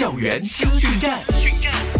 校園資訊站。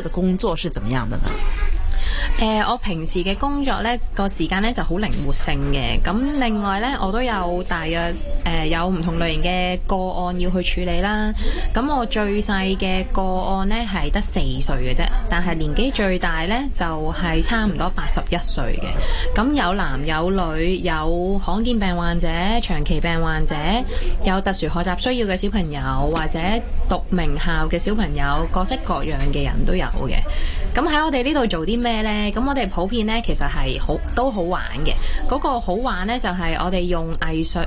的工作是怎麼樣的呢？呃、我平時嘅工作呢個時間呢就好靈活性嘅。咁另外呢，我都有大約、呃、有唔同類型嘅個案要去處理啦。咁我最細嘅個案呢係得四歲嘅啫，但係年紀最大呢就係、是、差唔多八十一歲嘅。咁有男有女，有罕見病患者、長期病患者，有特殊學習需要嘅小朋友，或者讀名校嘅小朋友，各式各樣嘅人都有嘅。咁喺我哋呢度做啲咩呢？咁我哋普遍呢，其實係好都好玩嘅。嗰個好玩呢，就係我哋用藝術。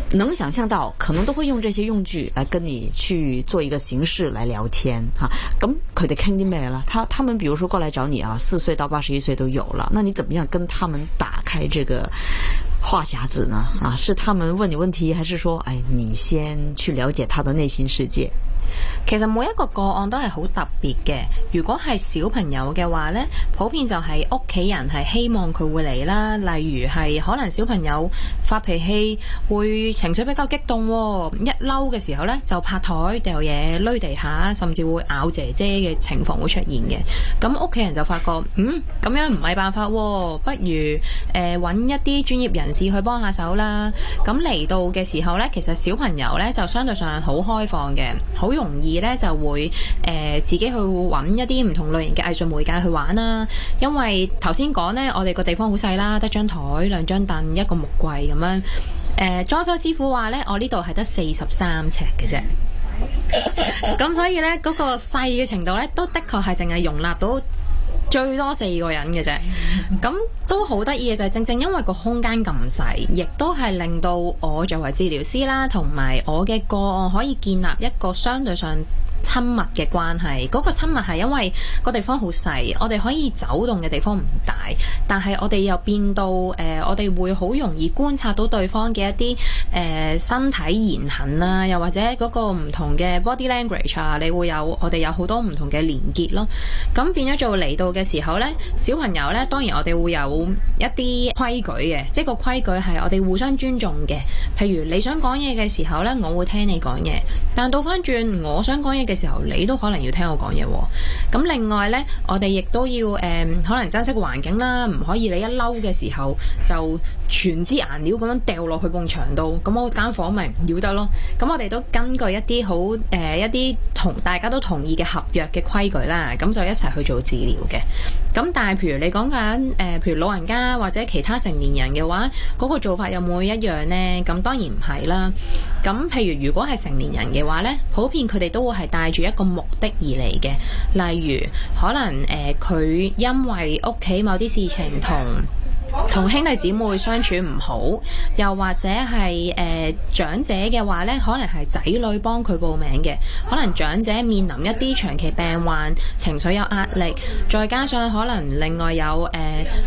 能想象到，可能都會用這些用具來跟你去做一個形式來聊天哈。咁佢哋肯定冇啦，他、嗯、他們比如說過來找你啊，四歲到八十一歲都有了。那你怎麼樣跟他們打開這個話匣子呢？啊，是他們問你問題，還是說，哎，你先去了解他的內心世界？其實每一個個案都係好特別嘅。如果係小朋友嘅話咧，普遍就係屋企人係希望佢會嚟啦。例如係可能小朋友發脾氣，會情緒比較激動喎，一嬲嘅時候咧就拍台掉嘢，踎地下，甚至會咬姐姐嘅情況會出現嘅。咁屋企人就發覺，嗯，咁樣唔係辦法喎，不如誒揾一啲專業人士去幫下手啦。咁嚟到嘅時候咧，其實小朋友咧就相對上好開放嘅，好用。容易呢就會誒自己去揾一啲唔同類型嘅藝術媒介去玩啦，因為頭先講呢，我哋個地方好細啦，得張台、兩張凳、一個木櫃咁樣。誒裝修師傅話呢，我呢度係得四十三尺嘅啫，咁所以呢嗰個細嘅程度呢，都的確係淨係容納到，最多四個人嘅啫，咁都好得意嘅就係正正因為個空間咁細，亦都係令到我作為治療師啦，同埋我嘅個案可以建立一個相對上親密嘅關係，嗰、嗰個親密係因為個地方好細，我哋可以走動嘅地方唔大，但係我哋又變到誒、呃，我哋會好容易觀察到對方嘅一啲誒、呃、身體言行啦、啊，又或者嗰個唔同嘅 body language 啊，你會有我哋有好多唔同嘅連結咯。咁變咗做嚟到嘅時候呢，小朋友呢，當然我哋會有一啲規矩嘅，即係個規矩係我哋互相尊重嘅。譬如你想講嘢嘅時候呢，我會聽你講嘢，但倒返轉我想講嘢嘅時候，你都可能要聽我講嘢、哦。咁另外呢，我哋亦都要誒、呃，可能珍惜環境啦，唔可以你一嬲嘅時候就全支顏料咁樣掉落去埲牆度，咁我間房咪唔要得咯。咁我哋都根據一啲好誒、呃、一啲同大家都同意嘅合約嘅規矩啦，咁就一齊去做治療嘅。咁但係譬如你講緊誒，譬如老人家或者其他成年人嘅話，嗰個做法有冇一樣呢？咁當然唔係啦。咁譬如如果係成年人嘅話呢，普遍佢哋都會係帶住一個目的而嚟嘅，例如可能誒佢、呃、因為屋企某啲事情同，同兄弟姊妹相處唔好，又或者係誒、呃、長者嘅話呢，可能係仔女幫佢報名嘅。可能長者面臨一啲長期病患，情緒有壓力，再加上可能另外有誒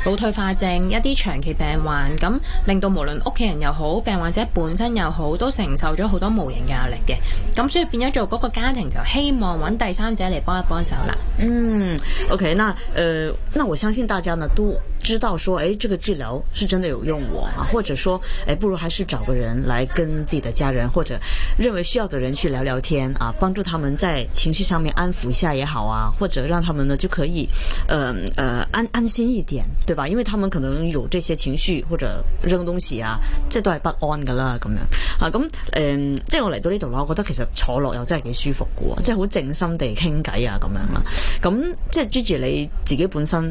腦退化症一啲長期病患，咁令到無論屋企人又好，病患者本身又好，都承受咗好多無形嘅壓力嘅。咁所以變咗做嗰個家庭就希望揾第三者嚟幫一幫手啦。嗯，OK，嗱誒、呃，那我相信大家呢都知道說，誒、哎，這個。治療是真的有用，我啊，或者說，誒、哎，不如還是找個人來跟自己的家人或者認為需要的人去聊聊天啊，幫助他們在情緒上面安撫一下也好啊，或者讓他們呢就可以，嗯、呃，呃安安心一點，對吧？因為他們可能有這些情緒或者扔東西啊，即都係不安噶啦咁樣啊。咁、嗯、誒、嗯，即係我嚟到呢度啦，我覺得其實坐落又真係幾舒服嘅、啊，即係好靜心地傾偈啊咁樣啦。咁、嗯嗯、即係 Gigi 你自己本身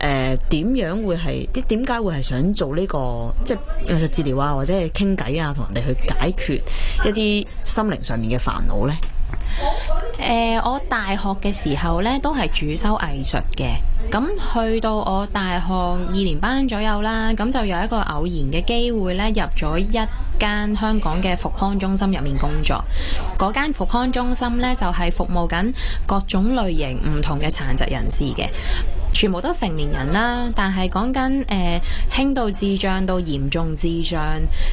誒，點、呃、樣會係點？家會係想做呢個即係藝術治療啊，或者係傾偈啊，同人哋去解決一啲心靈上面嘅煩惱呢。誒，我大學嘅時候呢，都係主修藝術嘅，咁去到我大學二年班左右啦，咁就有一個偶然嘅機會呢，入咗一間香港嘅復康中心入面工作。嗰間復康中心呢，就係服務緊各種類型唔同嘅殘疾人士嘅。全部都成年人啦，但係講緊誒輕度智障到嚴重智障，誒、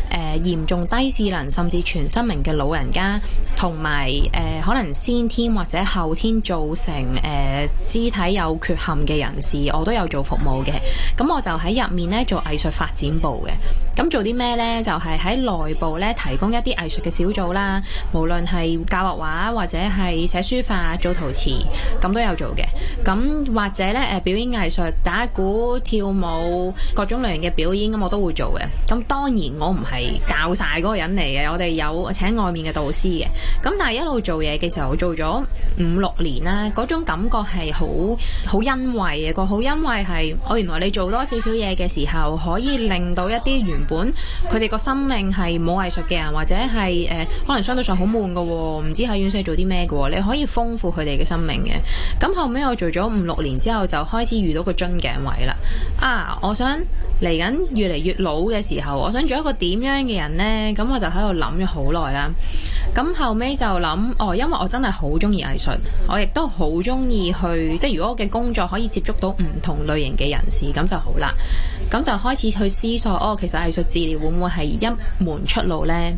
呃、嚴重低智能甚至全失明嘅老人家，同埋、呃、可能先天或者後天造成誒、呃、肢體有缺陷嘅人士，我都有做服務嘅。咁我就喺入面咧做藝術發展部嘅。咁做啲咩呢？就係、是、喺內部咧提供一啲藝術嘅小組啦，無論係教畫畫或者係寫書法、做陶瓷，咁都有做嘅。咁或者咧誒、呃表演藝術、打鼓、跳舞，各種類型嘅表演，咁我都會做嘅。咁當然我唔係教晒個人嚟嘅，我哋有請外面嘅導師嘅。咁但係一路做嘢嘅時候，做咗五六年啦，嗰種感覺係好好欣慰嘅，嗰個好欣慰係我原來你做多少少嘢嘅時候，可以令到一啲原本佢哋個生命係冇藝術嘅人，或者係誒、呃、可能相對上好悶嘅，唔知喺院舍做啲咩嘅，你可以豐富佢哋嘅生命嘅。咁後尾我做咗五六年之後就開。先遇到個樽頸位啦！啊，我想嚟緊越嚟越老嘅時候，我想做一個點樣嘅人呢？咁我就喺度諗咗好耐啦。咁後尾就諗，哦，因為我真係好中意藝術，我亦都好中意去，即係如果我嘅工作可以接觸到唔同類型嘅人士，咁就好啦。咁就開始去思索，哦，其實藝術治療會唔會係一門出路咧？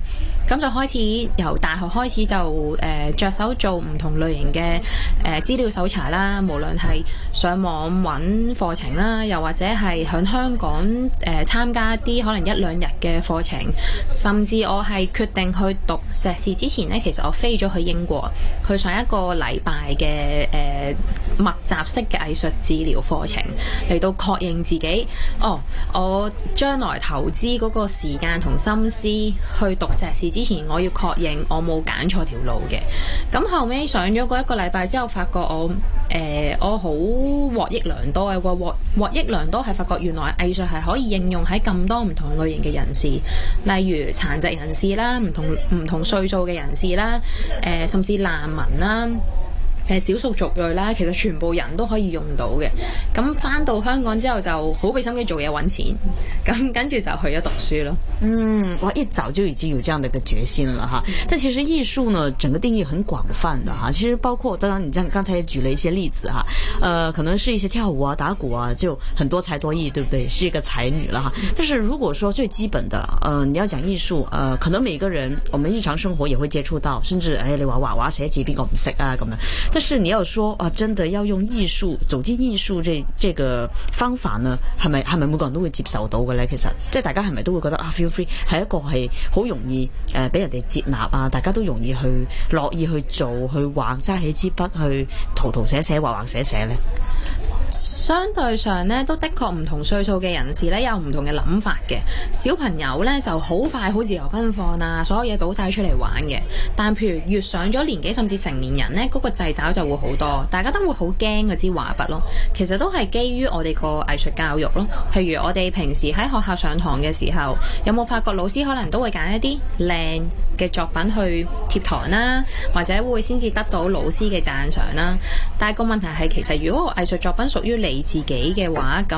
咁就開始由大學開始就誒、呃、着手做唔同類型嘅誒、呃、資料搜查啦，無論係上網揾課程啦，又或者係響香港誒參、呃、加一啲可能一兩日嘅課程，甚至我係決定去讀碩士。之前呢，其實我飛咗去英國，去上一個禮拜嘅誒密集式嘅藝術治療課程，嚟到確認自己。哦，我將來投資嗰個時間同心思去讀碩士之前，我要確認我冇揀錯條路嘅。咁後尾上咗嗰一個禮拜之後，發覺我誒、呃、我好獲益良多嘅。個獲獲益良多係發覺原來藝術係可以應用喺咁多唔同類型嘅人士，例如殘疾人士啦，唔同唔同歲數嘅人士啦，誒，甚至難民啦。其實少數族裔啦，其實全部人都可以用到嘅。咁返到香港之後，就好俾心機做嘢揾錢。咁跟住就去咗讀書咯。嗯，哇！一早就已經有這樣的個決心啦，哈！但其實藝術呢，整個定義很廣泛的，哈。其實包括當然你剛才也舉了一些例子哈。呃，可能是一些跳舞啊、打鼓啊，就很多才多藝，對唔對？是一個才女啦，但是如果說最基本的，呃、你要講藝術，呃、可能每個人我們日常生活也會接觸到，甚至、哎、你話畫畫寫字邊個唔識啊咁樣。但是你要說啊，真的要用藝術走進藝術這這個方法呢，係咪係咪每個人都會接受到嘅呢？其實即係大家係咪都會覺得啊，feel free 係一個係好容易誒俾、呃、人哋接納啊，大家都容易去樂意去做去畫，揸起支筆去塗塗寫寫畫畫寫寫呢。相對上呢都的確唔同歲數嘅人士呢，有唔同嘅諗法嘅。小朋友呢就好快好自由奔放啊，所有嘢倒晒出嚟玩嘅。但譬如越上咗年紀，甚至成年人呢，嗰個掣肘就會好多，大家都會好驚嗰支畫筆咯。其實都係基於我哋個藝術教育咯。譬如我哋平時喺學校上堂嘅時候，有冇發覺老師可能都會揀一啲靚嘅作品去貼堂啦，啊，或者會先至得到老師嘅讚賞啦。但係個問題係，其實如果藝術作品屬於你自己嘅話咁，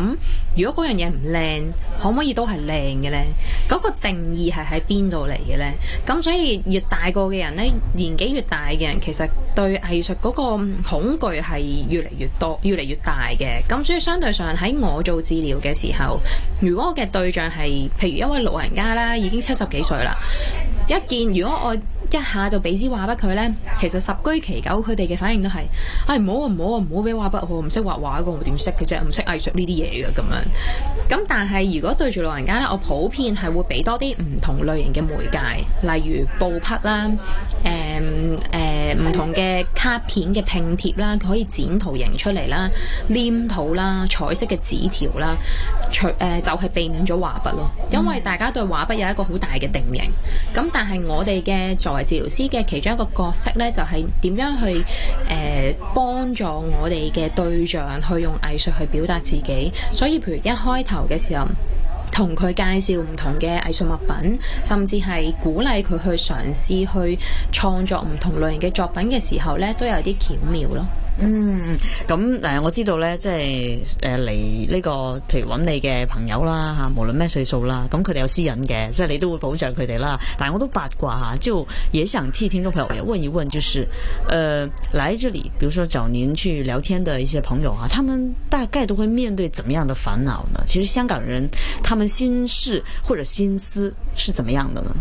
如果嗰樣嘢唔靚，可唔可以都係靚嘅咧？嗰個定義係喺邊度嚟嘅咧？咁所以越大個嘅人咧，年紀越大嘅人，其實對藝術嗰個恐懼係越嚟越多，越嚟越大嘅。咁所以相對上喺我做治療嘅時候，如果我嘅對象係譬如一位老人家啦，已經七十幾歲啦，一見如果我。一下就俾支畫筆佢咧，其實十居其九，佢哋嘅反應都係：唉，唔好啊，唔好啊，唔好俾畫筆，我唔識畫畫嘅，我點識嘅啫？唔識藝術呢啲嘢嘅咁樣，咁但係如果對住老人家咧，我普遍係會俾多啲唔同類型嘅媒介，例如布匹啦，誒誒唔同嘅卡片嘅拼貼啦，佢可以剪圖形出嚟啦，黏土啦，彩色嘅紙條啦，除誒、呃、就係、是、避免咗畫筆咯、嗯，因為大家對畫筆有一個好大嘅定型。咁但係我哋嘅在治療師嘅其中一個角色咧，就係、是、點樣去誒、呃、幫助我哋嘅對象去用藝術去表達自己。所以譬如一開頭嘅時候，同佢介紹唔同嘅藝術物品，甚至係鼓勵佢去嘗試去創作唔同類型嘅作品嘅時候咧，都有啲巧妙咯。嗯，咁、嗯、誒、嗯嗯，我知道呢，即係誒嚟呢個，譬如搵你嘅朋友啦，吓，無論咩歲數啦，咁佢哋有私隱嘅，即係你都會保障佢哋啦。但係我都八卦吓，就也想替聽眾朋友問一問，就是，誒、呃，來這裏，比如說找您去聊天的一些朋友啊，他們大概都會面對怎麼樣的煩惱呢？其實香港人，他們心事或者心思是怎麼樣的呢？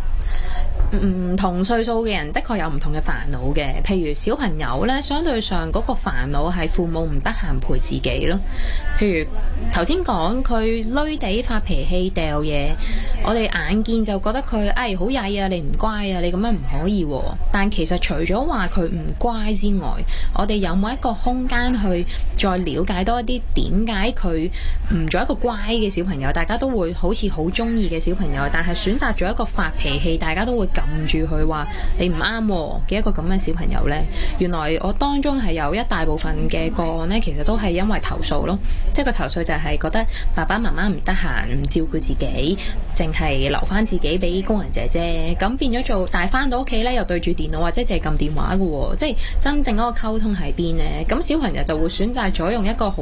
唔同歲數嘅人的確有唔同嘅煩惱嘅，譬如小朋友呢，相對上嗰個煩惱係父母唔得閒陪自己咯。譬如頭先講佢擂地發脾氣掉嘢，我哋眼見就覺得佢，哎好曳啊，你唔乖啊，你咁樣唔可以啊。但其實除咗話佢唔乖之外，我哋有冇一個空間去再了解多一啲點解佢唔做一個乖嘅小朋友？大家都會好似好中意嘅小朋友，但係選擇咗一個發脾氣。大家都會撳住佢話你唔啱嘅一個咁嘅小朋友呢。」原來我當中係有一大部分嘅個案呢，其實都係因為投訴咯，即係個投訴就係覺得爸爸媽媽唔得閒，唔照顧自己，淨係留翻自己俾工人姐姐，咁變咗做，但係翻到屋企呢，又對住電腦或者淨係撳電話嘅，即係真正嗰個溝通喺邊呢？咁小朋友就會選擇咗用一個好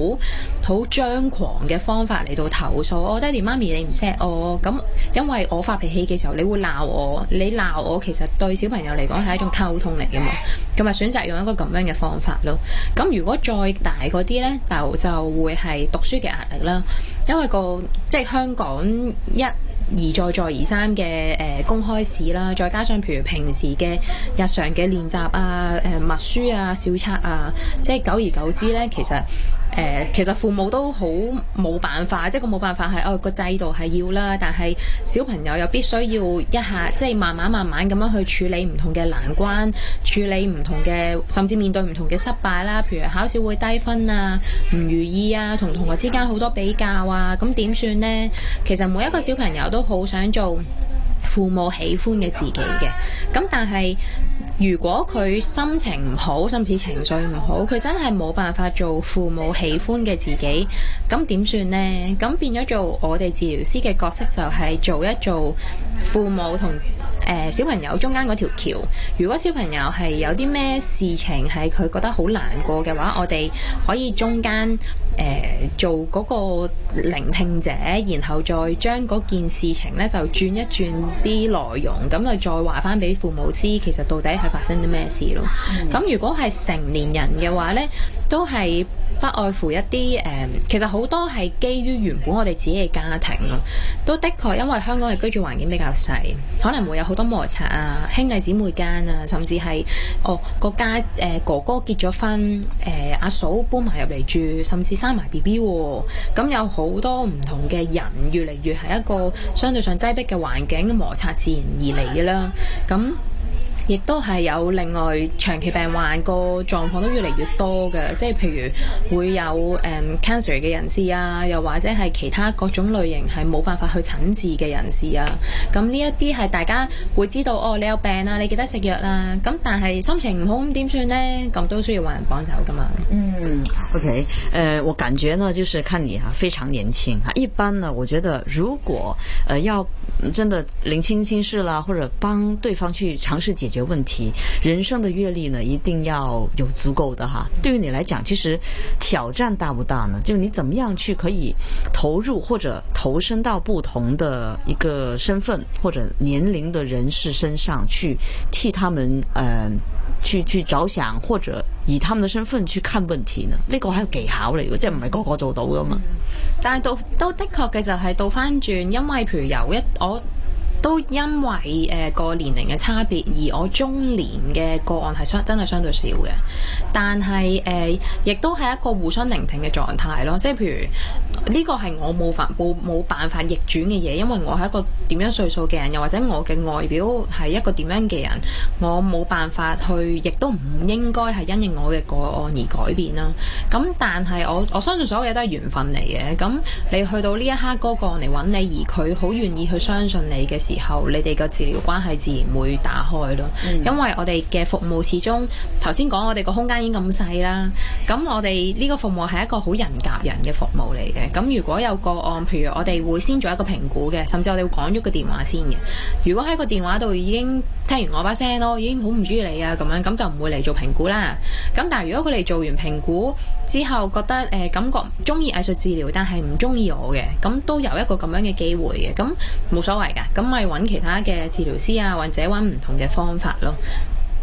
好張狂嘅方法嚟到投訴，我，爹哋媽咪你唔錫我，咁因為我發脾氣嘅時候，你會鬧我。你鬧我，其實對小朋友嚟講係一種溝通嚟嘅嘛，咁咪選擇用一個咁樣嘅方法咯。咁如果再大嗰啲呢，就就會係讀書嘅壓力啦。因為個即係香港一而再，再再而三嘅誒、呃、公開試啦，再加上譬如平時嘅日常嘅練習啊、誒、呃、默書啊、小測啊，即係久而久之呢，其實。誒、呃，其實父母都好冇辦法，即係個冇辦法係，哦個制度係要啦，但係小朋友又必須要一下，即、就、係、是、慢慢慢慢咁樣去處理唔同嘅難關，處理唔同嘅，甚至面對唔同嘅失敗啦，譬如考試會低分啊，唔如意啊，同同學之間好多比較啊，咁點算呢？其實每一個小朋友都好想做父母喜歡嘅自己嘅，咁但係。如果佢心情唔好，甚至情緒唔好，佢真係冇辦法做父母喜歡嘅自己，咁點算呢？咁變咗做我哋治療師嘅角色，就係做一做父母同。誒、呃、小朋友中間嗰條橋，如果小朋友係有啲咩事情係佢覺得好難過嘅話，我哋可以中間誒、呃、做嗰個聆聽者，然後再將嗰件事情呢就轉一轉啲內容，咁啊再話返俾父母知，其實到底係發生啲咩事咯。咁如果係成年人嘅話呢，都係。不外乎一啲、誒、其實好多係基於原本我哋自己嘅家庭咯，都的確因為香港嘅居住環境比較細，可能會有好多摩擦啊，兄弟姊妹間啊，甚至係哦個家、誒、哥哥結咗婚，誒阿嫂搬埋入嚟住，甚至生埋 B B 喎，咁、嗯、有好多唔同嘅人越嚟越係一個相對上擠迫嘅環境，摩擦自然而嚟嘅啦，咁、嗯。亦都係有另外長期病患個狀況都越嚟越多嘅，即係譬如會有 cancer 嘅、嗯、人士啊，又或者係其他各種類型係冇辦法去診治嘅人士啊。咁呢一啲係大家會知道哦，你有病啊，你記得食藥啦。咁、嗯、但係心情唔好咁點算咧？咁都需要揾人幫手噶嘛。嗯，OK，誒、呃，我感覺呢，就是看你啊，非常年輕吓一般呢，我覺得如果、呃、要真的聆聽心事啦，或者幫對方去嘗試解決。問題，人生的閱歷呢，一定要有足夠的哈。對於你來講，其實挑戰大不大呢？就你怎麼樣去可以投入或者投身到不同的一個身份或者年齡的人士身上去替他們，嗯、呃，去去着想或者以他們的身份去看問題呢？呢、這個係技巧嚟嘅，即係唔係個個做到噶嘛。嗯、但係倒都的確嘅就係倒翻轉，因為譬如有一我。都因為誒、呃、個年齡嘅差別，而我中年嘅個案係相真係相對少嘅。但係誒、呃、亦都係一個互相聆聽嘅狀態咯。即係譬如呢、這個係我冇法冇冇辦法，逆轉嘅嘢。因為我係一個點樣歲數嘅人，又或者我嘅外表係一個點樣嘅人，我冇辦法去，亦都唔應該係因應我嘅個案而改變啦。咁但係我我相信所有嘢都係緣分嚟嘅。咁你去到呢一刻那個個案嚟揾你，而佢好願意去相信你嘅。時候，你哋嘅治療關係自然會打開咯，嗯，因為我哋嘅服務始終頭先講，我哋個空間已經咁細啦。咁我哋呢個服務係一個好人夾人嘅服務嚟嘅。咁如果有個案，譬如我哋會先做一個評估嘅，甚至我哋會講咗個電話先嘅。如果喺個電話度已經聽完我把聲咯，已經好唔中意你啊，咁樣，咁就唔會嚟做評估啦。咁但係如果佢哋做完評估。之後覺得誒、呃、感覺中意藝術治療，但係唔中意我嘅，咁、嗯、都有一個咁樣嘅機會嘅，咁、嗯、冇所謂嘅，咁咪揾其他嘅治療師啊，或者揾唔同嘅方法咯。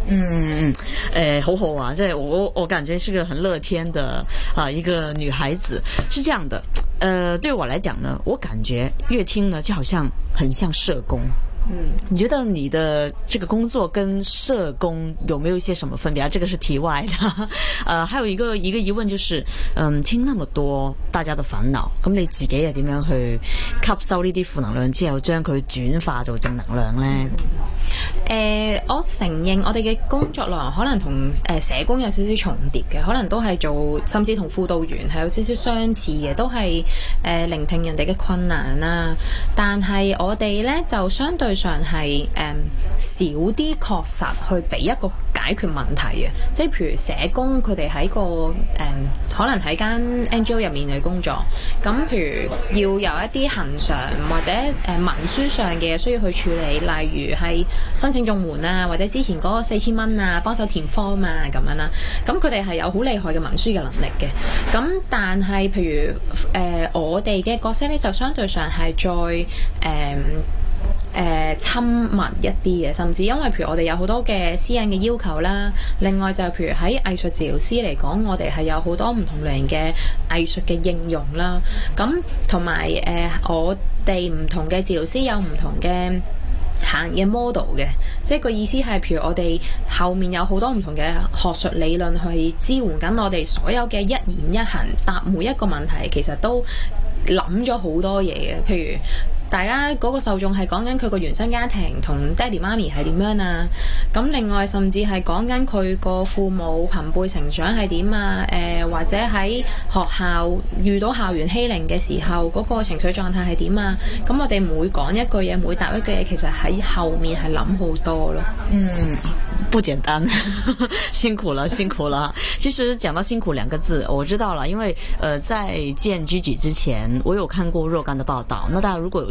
嗯，誒，好好啊，即係我我感覺是個很樂天的啊一個女孩子，是這樣的，誒、呃、對我嚟講呢，我感覺越聽呢就好像很像社工。嗯，你覺得你的這個工作跟社工有沒有一些什麼分別啊？這個是題外的。啊、還有一個一個疑問就是，嗯，聽那麼多，大家的煩惱，咁你自己又點樣去吸收呢啲負能量之後，將佢轉化做正能量咧？誒、嗯呃，我承認我哋嘅工作內容可能同誒、呃、社工有少少重疊嘅，可能都係做，甚至同輔導員係有少少相似嘅，都係誒、呃、聆聽人哋嘅困難啦、啊。但係我哋咧就相對。上係誒、嗯、少啲，確實去俾一個解決問題嘅，即係譬如社工，佢哋喺個誒、嗯、可能喺間 NGO 入面嘅工作，咁譬如要有一啲恆常或者誒、嗯、文書上嘅需要去處理，例如係申請綜援啊，或者之前嗰四千蚊啊，幫手填 form 啊咁樣啦，咁佢哋係有好厲害嘅文書嘅能力嘅，咁但係譬如誒、呃、我哋嘅角色咧，就相對上係再誒。嗯誒、呃、親密一啲嘅，甚至因為譬如我哋有好多嘅私隱嘅要求啦。另外就譬如喺藝術治療師嚟講，我哋係有好多唔同類型嘅藝術嘅應用啦。咁、呃、同埋我哋唔同嘅治療師有唔同嘅行嘅 model 嘅，即係個意思係譬如我哋後面有好多唔同嘅學術理論去支援緊我哋所有嘅一言一行，答每一個問題其實都諗咗好多嘢嘅，譬如。大家嗰、那個受眾係講緊佢個原生家庭同爹哋媽咪係點樣啊？咁另外甚至係講緊佢個父母朋輩成長係點啊、呃？或者喺學校遇到校園欺凌嘅時候嗰、那個情緒狀態係點啊？咁我哋每講一句嘢，每答一句嘢，其實喺後面係諗好多咯。嗯，不簡單， 辛苦啦，辛苦啦。 其實講到辛苦兩個字，我知道啦，因為誒、呃、在見 Gigi 之前，我有看過若干的報道。那大家如果有，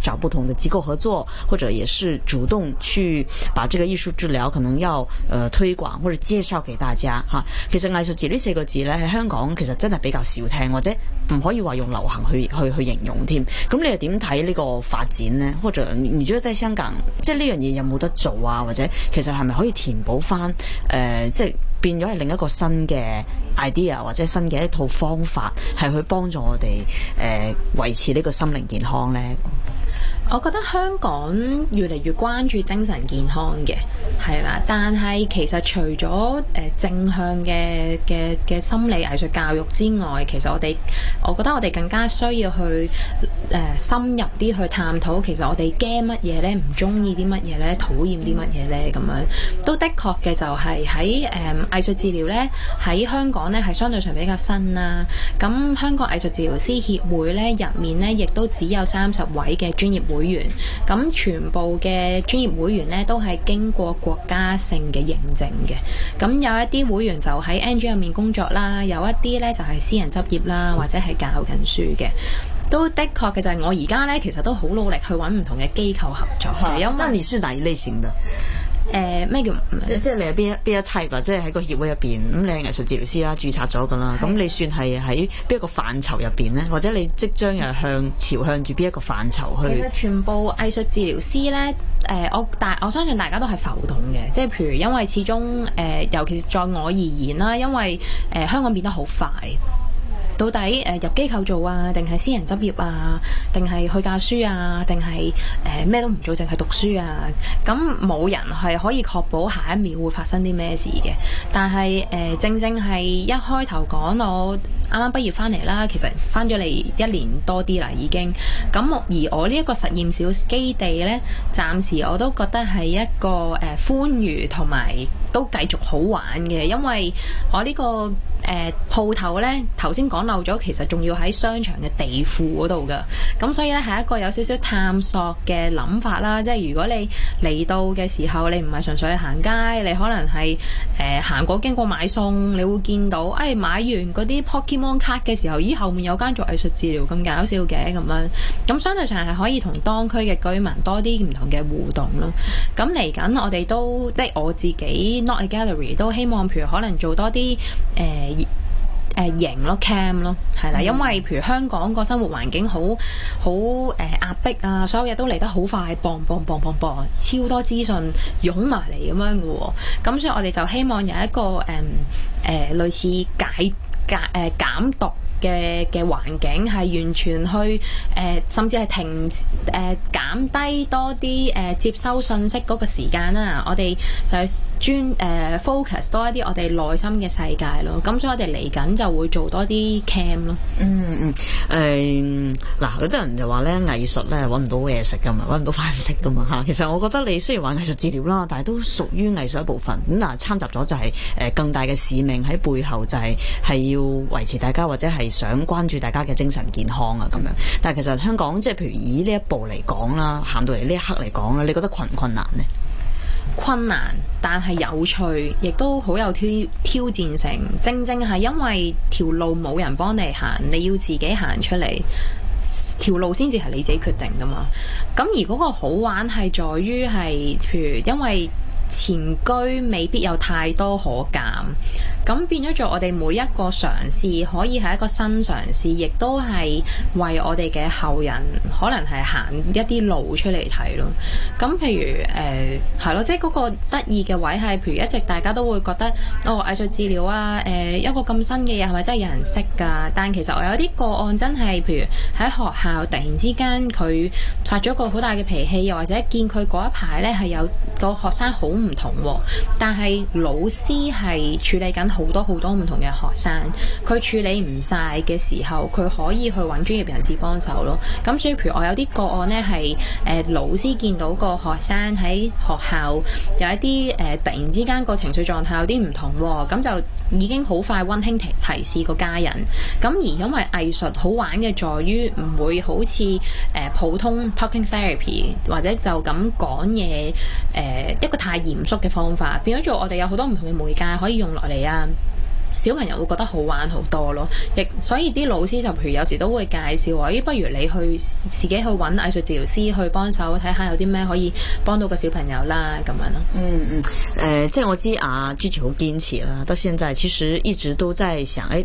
找不同的機構合作，或者也是主動去把這個藝術治療可能要，呃、推廣或者介紹給大家吓。其實藝術治療呢四個字呢，喺香港其實真係比較少聽，或者唔可以話用流行去去去形容添。咁你又點睇呢個發展呢？或者你覺得即係香港即係呢樣嘢有冇得做啊？或者其實係咪可以填補翻？誒、呃，即係變咗係另一個新嘅 idea，或者新嘅一套方法，係去幫助我哋誒、呃、維持呢個心靈健康呢。我覺得香港越嚟越關注精神健康嘅，係啦。但係其實除咗誒、呃、正向嘅嘅嘅心理藝術教育之外，其實我哋，我覺得我哋更加需要去誒、呃、深入啲去探討，其實我哋驚乜嘢咧？唔中意啲乜嘢咧？討厭啲乜嘢咧？咁樣都的確嘅，就係喺誒藝術治療咧，喺香港咧係相對上比較新啦、啊。咁香港藝術治療師協會咧入面咧，亦都只有三十位嘅專業會會員，咁全部嘅專業會員呢，都係經過國家性嘅認證嘅，咁有一啲會員就喺 NG 入面工作啦，有一啲呢就係私人執業啦，或者係教緊書嘅，都的確嘅就係我而家呢，其實都好努力去搵唔同嘅機構合作下。那你是哪一類型的？誒、呃、咩叫即係你係邊一邊一 type 㗎？即係喺個協會入邊，咁你係藝術治療師啦、啊、註冊咗㗎啦，咁你算係喺邊一個範疇入邊呢？或者你即將又向朝向住邊一個範疇去？其實全部藝術治療師呢，誒、呃、我大我相信大家都係浮動嘅，即係譬如因為始終誒、呃，尤其是在我而言啦，因為誒、呃、香港變得好快。到底誒、呃、入機構做啊，定係私人執業啊，定係去教書啊，定係誒咩都唔做，淨係讀書啊？咁冇人係可以確保下一秒會發生啲咩事嘅。但係誒、呃，正正係一開頭講，我啱啱畢業翻嚟啦，其實返咗嚟一年多啲啦已經。咁而我呢一個實驗小基地呢，暫時我都覺得係一個誒歡愉同埋都繼續好玩嘅，因為我呢、這個。誒、呃、鋪頭呢，頭先講漏咗，其實仲要喺商場嘅地庫嗰度㗎，咁所以呢，係一個有少少探索嘅諗法啦，即係如果你嚟到嘅時候，你唔係純粹去行街，你可能係誒、呃、行過經過買餸，你會見到，誒、哎、買完嗰啲 Pokemon card 嘅時候，咦，後面有間做藝術治療咁搞笑嘅咁樣，咁相對上係可以同當區嘅居民多啲唔同嘅互動咯。咁嚟緊我哋都即係我自己 Not a Gallery 都希望，譬如可能做多啲誒。呃誒，型咯，cam 咯，係啦，因為譬如香港個生活環境好好，誒，壓迫啊，所有嘢都嚟得好快，boom boom boom boom boom，超多資訊湧埋嚟咁樣嘅，咁所以我哋就希望有一個，誒、嗯，誒、呃，類似解解，誒、呃，減毒嘅嘅環境，係完全去，誒、呃，甚至係停，誒、呃，減低多啲，誒、呃，接收信息嗰個時間啦，我哋就。專、呃、focus 多一啲我哋內心嘅世界咯，咁所以我哋嚟緊就會做多啲 cam 咯。嗯嗯誒，嗱有啲人就話咧藝術咧揾唔到嘢食噶嘛，揾唔到飯食噶嘛嚇。其實我覺得你雖然話藝術治療啦，但係都屬於藝術一部分咁，參雜咗就係、是呃、更大嘅使命喺背後、就是，就係係要維持大家或者係想關注大家嘅精神健康啊咁樣。但係其實香港即係譬如以呢一步嚟講啦，行到嚟呢一刻嚟講咧，你覺得困唔困難呢？困難，但係有趣，亦都好有挑挑戰性。正正係因為條路冇人幫你行，你要自己行出嚟，條路先至係你自己決定㗎嘛。咁而嗰個好玩係在於係，譬如因為前驅未必有太多可鑑。咁變咗做我哋每一個嘗試，可以係一個新嘗試，亦都係為我哋嘅後人，可能係行一啲路出嚟睇咯。咁譬如誒係咯，即係嗰個得意嘅位係，譬如一直大家都會覺得哦，藝術治療啊，誒、呃、一個咁新嘅嘢，係咪真係有人識㗎、啊？但其實我有啲個案真係，譬如喺學校突然之間佢發咗個好大嘅脾氣，又或者見佢嗰一排咧係有個學生好唔同、啊，但係老師係處理緊。好多好多唔同嘅學生，佢處理唔晒嘅時候，佢可以去揾專業人士幫手咯。咁所以，譬如我有啲個案咧，係誒、呃、老師見到個學生喺學校有一啲誒、呃、突然之間個情緒狀態有啲唔同，咁就已經好快溫馨提提示個家人。咁而因為藝術好玩嘅，在於唔會好似誒、呃、普通 talking therapy 或者就咁講嘢誒一個太嚴肅嘅方法，變咗做我哋有好多唔同嘅媒介可以用落嚟啊。小朋友會覺得好玩好多咯，亦所以啲老師就譬如有時都會介紹話，咦，不如你去自己去揾藝術治療師去幫手睇下有啲咩可以幫到個小朋友啦，咁樣咯。嗯嗯，誒、呃，即係我知阿 Judy 好堅持啦，到現在其實一直都在想，誒。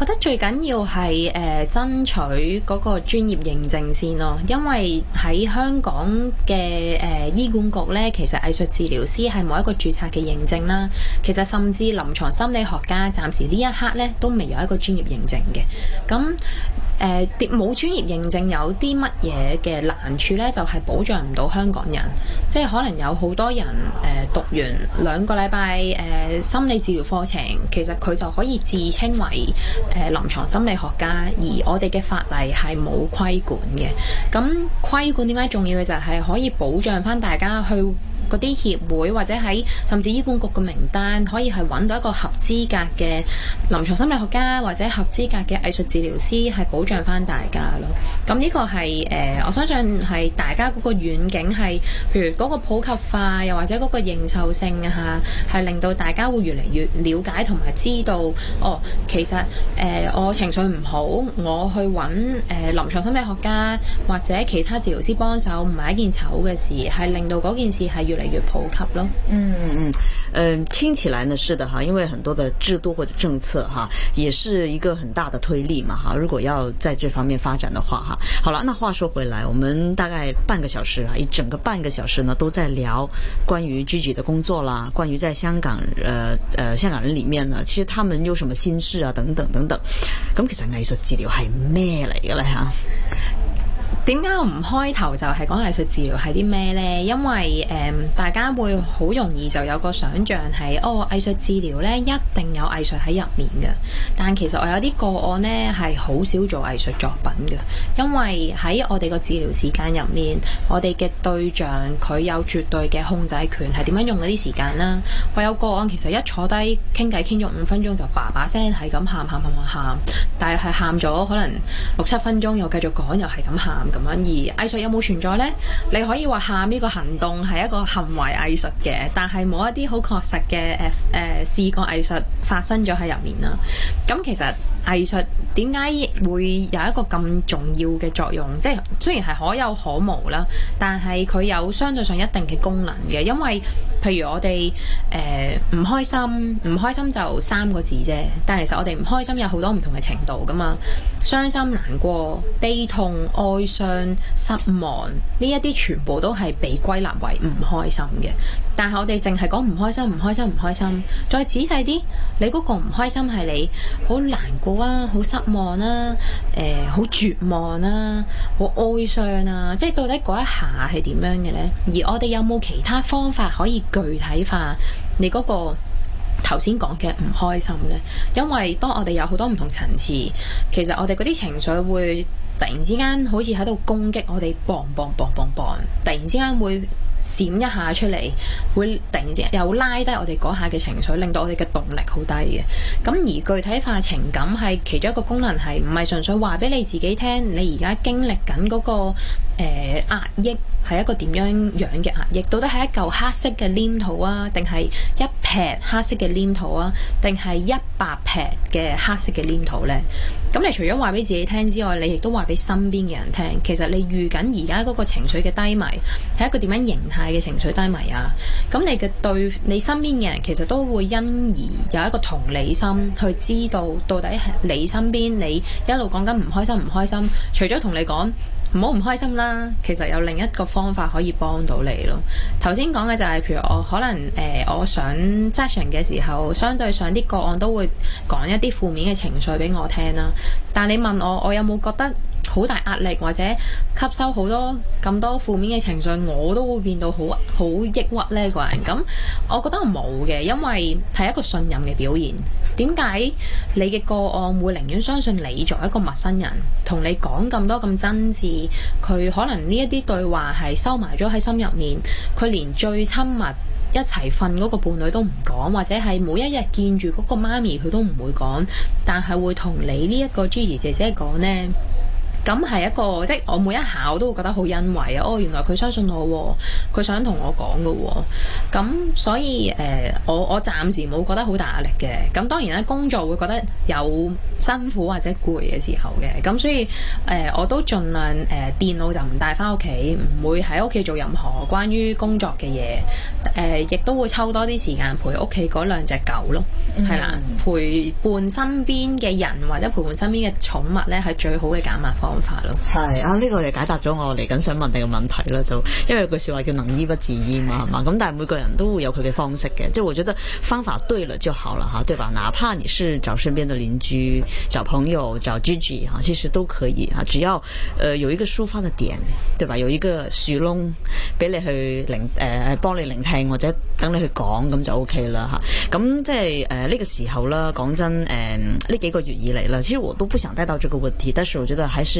覺得最緊要係誒、呃、爭取嗰個專業認證先咯，因為喺香港嘅誒、呃、醫管局呢，其實藝術治療師係冇一個註冊嘅認證啦。其實甚至臨床心理學家，暫時呢一刻呢都未有一個專業認證嘅。咁誒、呃，冇專業認證有啲乜嘢嘅難處呢？就係、是、保障唔到香港人，即係可能有好多人誒、呃、讀完兩個禮拜、呃、心理治療課程，其實佢就可以自稱為誒、呃、臨床心理學家，而我哋嘅法例係冇規管嘅。咁規管點解重要嘅就係可以保障翻大家去嗰啲協會或者喺甚至醫管局嘅名單，可以係揾到一個合資格嘅臨床心理學家或者合資格嘅藝術治療師，係保障翻大家咯。咁呢個係、呃、我相信係大家嗰個遠景係，譬如嗰個普及化又或者嗰個認受性嚇，係令到大家會越嚟越瞭解同埋知道，哦，其實、呃、我情緒唔好，我去揾、呃、臨床心理學家或者其他治療師幫手，唔係一件醜嘅事，係令到嗰件事係越來越普及咯，嗯嗯嗯，嗯，嗯聽起來呢是的哈，因為很多的制度或者政策哈，也是一個很大的推力嘛哈，如果要在這方面發展的話哈，好了，那話說回來，我們大概半個小時啊，一整個半個小時呢，都在聊關於 Gigi 的工作啦，關於在香港，呃，呃，香港人裏面呢，其實他們有什麼心事啊，等等等等，咁其實藝術治療係咩嚟嘅啦吓？點解我唔開頭就係講藝術治療係啲咩呢？因為誒、嗯，大家會好容易就有個想象係哦，藝術治療呢一定有藝術喺入面嘅。但其實我有啲個案呢，係好少做藝術作品嘅，因為喺我哋個治療時間入面，我哋嘅對象佢有絕對嘅控制權，係點樣用嗰啲時間啦。我有個案，其實一坐低傾偈傾咗五分鐘就叭叭聲係咁喊喊喊喊喊，但係喊咗可能六七分鐘又繼續講又係咁喊。咁樣而藝術有冇存在呢？你可以話下面呢個行動係一個行為藝術嘅，但係冇一啲好確實嘅誒誒視覺藝術發生咗喺入面啦。咁其實～藝術點解會有一個咁重要嘅作用？即係雖然係可有可無啦，但係佢有相對上一定嘅功能嘅。因為譬如我哋誒唔開心，唔開心就三個字啫。但係其實我哋唔開心有好多唔同嘅程度㗎嘛。傷心難過、悲痛、哀傷、失望呢一啲，這些全部都係被歸納為唔開心嘅。但係我哋淨係講唔開心，唔開心，唔開心。再仔細啲，你嗰個唔開心係你好難過。好啊，好失望啦、啊，誒、呃，好絕望啦、啊，好哀傷啊，即係到底嗰一下係點樣嘅呢？而我哋有冇其他方法可以具體化你嗰個頭先講嘅唔開心呢？因為當我哋有好多唔同層次，其實我哋嗰啲情緒會突然之間好似喺度攻擊我哋，棒棒棒，突然之間會，閃一下出嚟，會突然之間又拉低我哋嗰下嘅情緒，令到我哋嘅動力好低嘅。咁而具體化情感係其中一個功能，係唔係純粹話俾你自己聽？你而家經歷緊嗰個。誒、呃、壓抑係一個點樣樣嘅壓抑？到底係一嚿黑色嘅黏土啊，定係一撇黑色嘅黏土啊，定係一百撇嘅黑色嘅黏土呢？咁你除咗話俾自己聽之外，你亦都話俾身邊嘅人聽。其實你遇緊而家嗰個情緒嘅低迷係一個點樣形態嘅情緒低迷啊？咁你嘅對你身邊嘅人，其實都會因而有一個同理心，去知道到底係你身邊你一路講緊唔開心唔開心，除咗同你講。唔好唔開心啦，其實有另一個方法可以幫到你咯。頭先講嘅就係，譬如我可能，呃，我想 session 嘅時候，相對上啲個案都會講一啲負面嘅情緒俾我聽啦。但你問我，我有冇覺得，好大壓力或者吸收好多咁多負面嘅情緒，我都會變到好好抑鬱呢個人咁，我覺得冇嘅，因為係一個信任嘅表現。點解你嘅個案會寧願相信你作為一個陌生人同你講咁多咁真摯？佢可能呢一啲對話係收埋咗喺心入面，佢連最親密一齊瞓嗰個伴侶都唔講，或者係每一日見住嗰個媽咪佢都唔會講，但係會同你呢一個 Judy 姐姐講呢。咁係一個，即係我每一下我都會覺得好欣慰啊！哦，原來佢相信我，佢想同我講嘅喎。咁、嗯、所以、呃、我我暫時冇覺得好大壓力嘅。咁、嗯、當然咧，工作會覺得有辛苦或者攰嘅時候嘅。咁、嗯、所以、呃、我都盡量誒、呃、電腦就唔帶返屋企，唔會喺屋企做任何關於工作嘅嘢。亦、呃、都會抽多啲時間陪屋企嗰兩隻狗咯，係、mm -hmm. 啦，陪伴身邊嘅人或者陪伴身邊嘅寵物咧，係最好嘅減壓方方法咯，係啊，呢、這個就解答咗我嚟緊想問你嘅問題啦，就因為有句說話叫能醫不自醫嘛，嘛，係嘛、啊，咁但係每個人都會有佢嘅方式嘅，即係我覺得方法對了就好了吓，對吧？哪怕你是找身邊的鄰居、找朋友、找 Gigi 其實都可以啊，只要，誒、呃、有一個抒發的點，對吧？有一個樹窿俾你去聆誒，幫、呃、你聆聽或者等你去講，咁就 OK 啦吓。咁即係誒呢個時候啦，講真，誒、呃、呢幾個月以嚟啦，其實我都不想帶到這個問題，但是我覺得還是。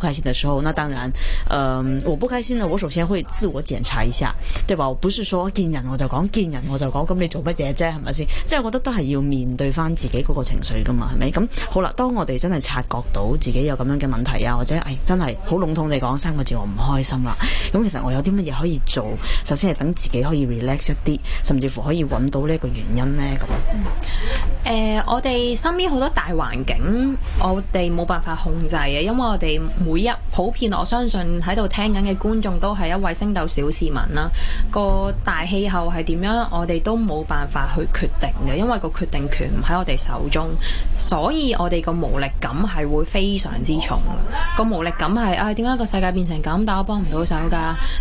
開心的時候，那當然，嗯、呃，我不開心呢，我首先會自我檢查一下，對吧？我不是說見人我就講，見人我就講咁你做乜嘢啫係咪先？即係、就是、我覺得都係要面對翻自己嗰個情緒噶嘛，係咪？咁、嗯、好啦，當我哋真係察覺到自己有咁樣嘅問題啊，或者誒、哎，真係好籠統地講三個字，我唔開心啦。咁其實我有啲乜嘢可以做？首先係等自己可以 relax 一啲，甚至乎可以揾到呢個原因呢。咁。誒、呃，我哋身邊好多大環境，我哋冇辦法控制嘅，因為我哋每一普遍，我相信喺度聽緊嘅觀眾都係一位升斗小市民啦。個大氣候係點樣，我哋都冇辦法去決定嘅，因為個決定權唔喺我哋手中，所以我哋個無力感係會非常之重嘅。個無力感係，誒、哎，點解個世界變成咁？但我幫唔到手㗎。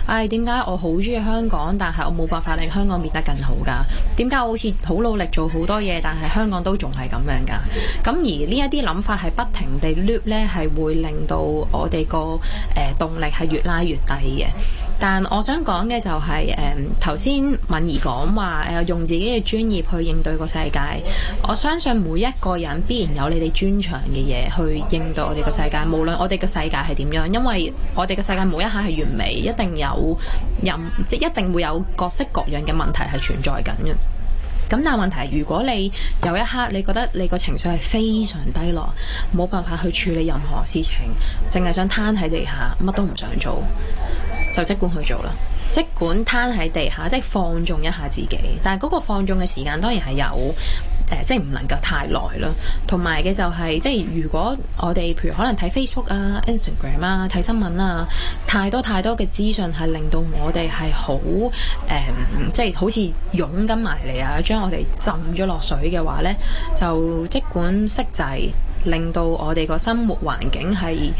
唉、哎，點解我好鍾意香港，但係我冇辦法令香港變得更好㗎？點解我好似好努力做好多嘢，但係香？我都仲係咁樣噶，咁而呢一啲諗法係不停地 loop 咧，係會令到我哋個誒動力係越拉越低嘅。但我想講嘅就係誒，頭先敏儀講話誒，用自己嘅專業去應對個世界。我相信每一個人必然有你哋專長嘅嘢，去應對我哋個世界，無論我哋嘅世界係點樣，因為我哋嘅世界無一下係完美，一定有任即係一定會有各式各樣嘅問題係存在緊嘅。咁但係問題，如果你有一刻你覺得你個情緒係非常低落，冇辦法去處理任何事情，淨係想攤喺地下，乜都唔想做，就即管去做啦，即管攤喺地下，即係放縱一下自己。但係嗰個放縱嘅時間當然係有。誒、呃，即係唔能夠太耐咯。同埋嘅就係、是，即係如果我哋譬如可能睇 Facebook 啊、Instagram 啊、睇新聞啊，太多太多嘅資訊係令到我哋係、呃、好即係好似湧緊埋嚟啊，將我哋浸咗落水嘅話呢，就即管限制，令到我哋個生活環境係。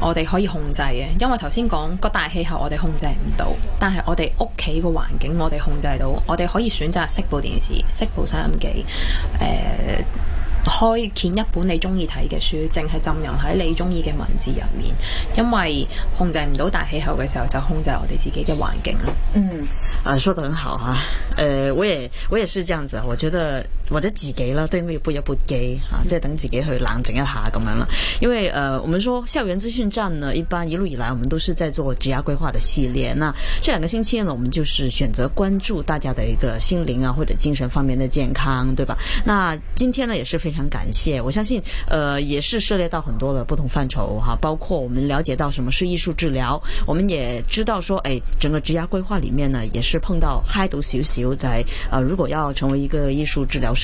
我哋可以控制嘅，因為頭先講個大氣候我哋控制唔到，但係我哋屋企個環境我哋控制到，我哋可以選擇熄部電視、熄部收音機，誒、呃，開一本你中意睇嘅書，淨係浸淫喺你中意嘅文字入面。因為控制唔到大氣候嘅時候，就控制我哋自己嘅環境啦。嗯，啊，說得很好啊，誒、呃，我也我也是這樣子，我覺得。或者自己啦，對，要撥一撥機嚇，即、啊、等自己去冷靜一下咁樣了，因為呃我們說校園資訊站呢，一般一路以來我們都是在做職業規劃的系列，那這兩個星期呢，我們就是選擇關注大家的一個心靈啊，或者精神方面的健康，對吧？那今天呢也是非常感謝，我相信呃也是涉獵到很多的不同範疇哈、啊，包括我們了解到什麼是藝術治療，我們也知道說，哎，整個職業規劃裏面呢，也是碰到嗨毒小小仔，呃，如果要成為一個藝術治療師。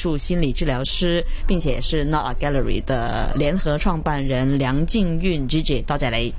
助心理治療師，並且是 Not a Gallery 的聯合創辦人梁靜韻 Gigi，多謝雷。